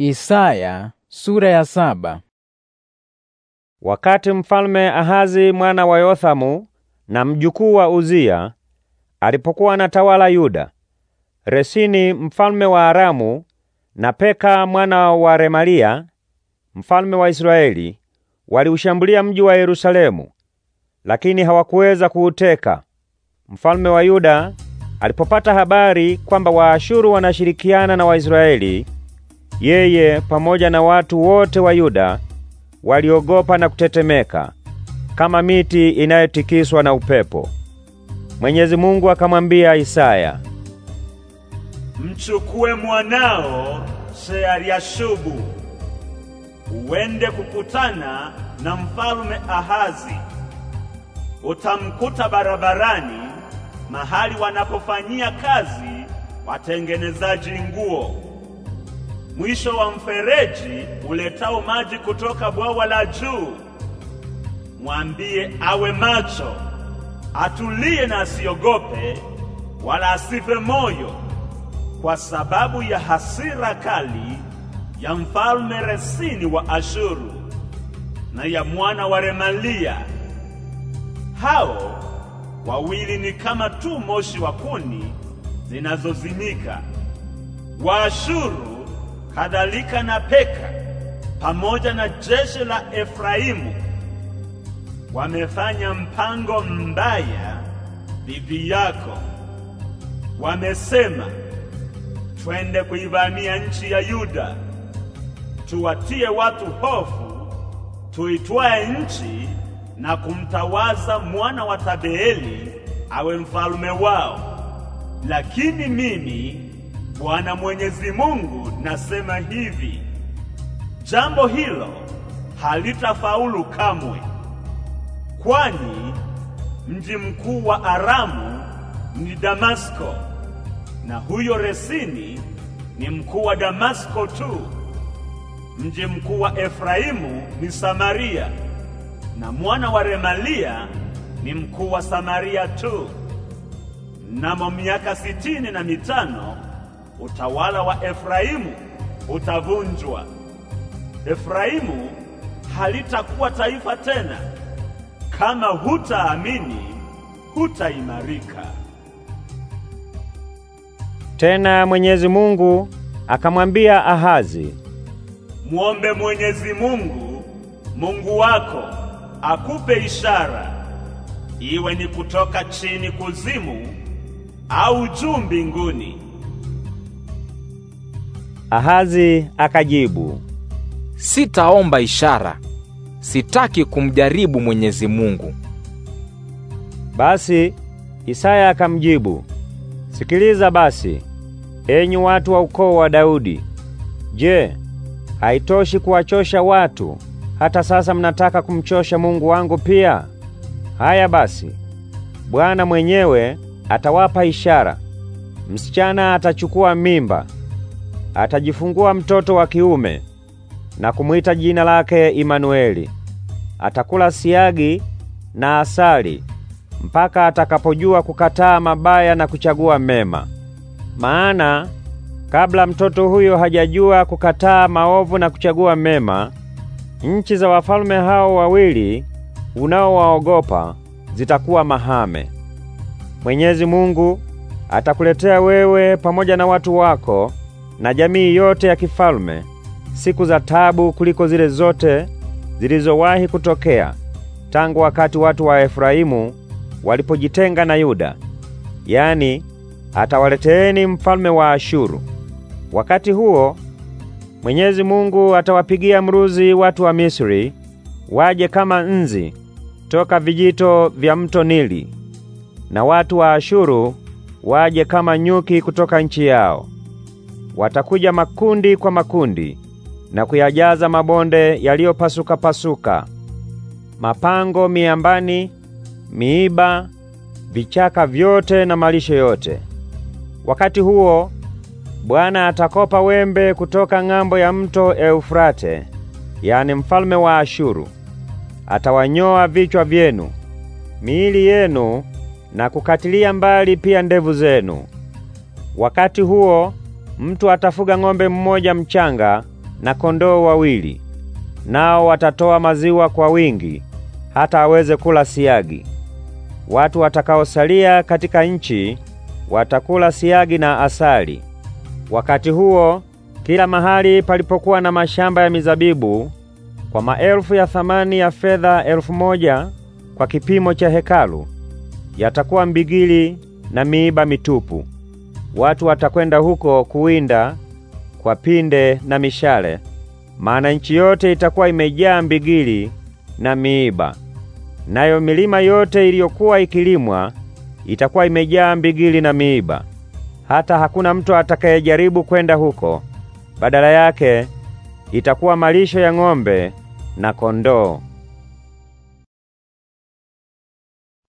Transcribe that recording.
Isaya sura ya saba. Wakati mfalme Ahazi mwana wa Yothamu na mjukuu wa Uzia alipokuwa anatawala Yuda, Resini mfalme wa Aramu na Peka mwana wa Remalia mfalme wa Israeli waliushambulia mji wa Yerusalemu, lakini hawakuweza kuuteka. Mfalme wa Yuda alipopata habari kwamba Waashuru wanashirikiana na Waisraeli yeye pamoja na watu wote wa Yuda waliogopa na kutetemeka kama miti inayotikiswa na upepo. Mwenyezi Mungu akamwambia Isaya, mchukue mwanao Sheariashubu uende kukutana na mfalme Ahazi. Utamkuta barabarani mahali wanapofanyia kazi watengenezaji nguo mwisho wa mfereji uletao maji kutoka bwawa la juu. Mwambie awe macho, atulie na asiogope wala asife moyo kwa sababu ya hasira kali ya mfalme Resini wa Ashuru na ya mwana wa Remalia. Hao wawili ni kama tu moshi wa kuni zinazozimika. Waashuru kadhalika na Peka pamoja na jeshi la Efraimu wamefanya mpango mbaya dhidi yako. Wamesema, twende kuivamia nchi ya Yuda, tuwatie watu hofu, tuitwae nchi na kumtawaza mwana wa Tabeeli awe mfalme wao. Lakini mimi Bwana Mwenyezi Mungu nasema hivi, jambo hilo halitafaulu kamwe, kwani mji mkuu wa Aramu ni Damasko na huyo Resini ni mkuu wa Damasko tu. Mji mkuu wa Efraimu ni Samaria na mwana wa Remalia ni mkuu wa Samaria tu. namo miaka sitini na mitano utawala wa Efraimu utavunjwa. Efraimu halitakuwa taifa tena. Kama hutaamini, hutaimarika. Tena Mwenyezi Mungu akamwambia Ahazi, muombe Mwenyezi Mungu Mungu wako akupe ishara, iwe ni kutoka chini kuzimu au juu mbinguni. Ahazi akajibu, sitaomba ishara, sitaki kumjaribu Mwenyezi Mungu. Basi Isaya akamjibu, sikiliza basi, enyi watu wa ukoo wa Daudi, je, haitoshi kuwachosha watu hata sasa mnataka kumchosha Mungu wangu pia? Haya basi, Bwana mwenyewe atawapa ishara, msichana atachukua mimba atajifungua mtoto wa kiume na kumwita jina lake Imanueli. Atakula siagi na asali mpaka atakapojua kukataa mabaya na kuchagua mema. Maana kabla mtoto huyo hajajua kukataa maovu na kuchagua mema, nchi za wafalme hao wawili unaowaogopa zitakuwa mahame. Mwenyezi Mungu atakuletea wewe pamoja na watu wako na jamii yote ya kifalme siku za tabu kuliko zile zote zilizowahi kutokea tangu wakati watu wa Efraimu walipojitenga na Yuda, yaani atawaleteeni mfalme wa Ashuru. Wakati huo Mwenyezi Mungu atawapigia mruzi watu wa Misri waje kama nzi toka vijito vya mto Nili, na watu wa Ashuru waje kama nyuki kutoka nchi yao. Watakuja makundi kwa makundi na kuyajaza mabonde yaliyopasuka pasuka, mapango miambani, miiba, vichaka vyote na malisho yote. Wakati huo Bwana atakopa wembe kutoka ng'ambo ya mto Eufrate, yani mfalme wa Ashuru. Atawanyoa vichwa vyenu, miili yenu na kukatilia mbali pia ndevu zenu. Wakati huo Mtu atafuga ng'ombe mmoja mchanga na kondoo wawili, nao watatoa maziwa kwa wingi hata aweze kula siagi. Watu watakaosalia katika nchi watakula siagi na asali. Wakati huo kila mahali palipokuwa na mashamba ya mizabibu kwa maelfu ya thamani ya fedha elfu moja kwa kipimo cha hekalu, yatakuwa mbigili na miiba mitupu. Watu watakwenda huko kuwinda kwa pinde na mishale, maana nchi yote itakuwa imejaa mbigili na miiba, nayo milima yote iliyokuwa ikilimwa itakuwa imejaa mbigili na miiba. Hata hakuna mtu atakayejaribu kwenda huko; badala yake itakuwa malisho ya ng'ombe na kondoo.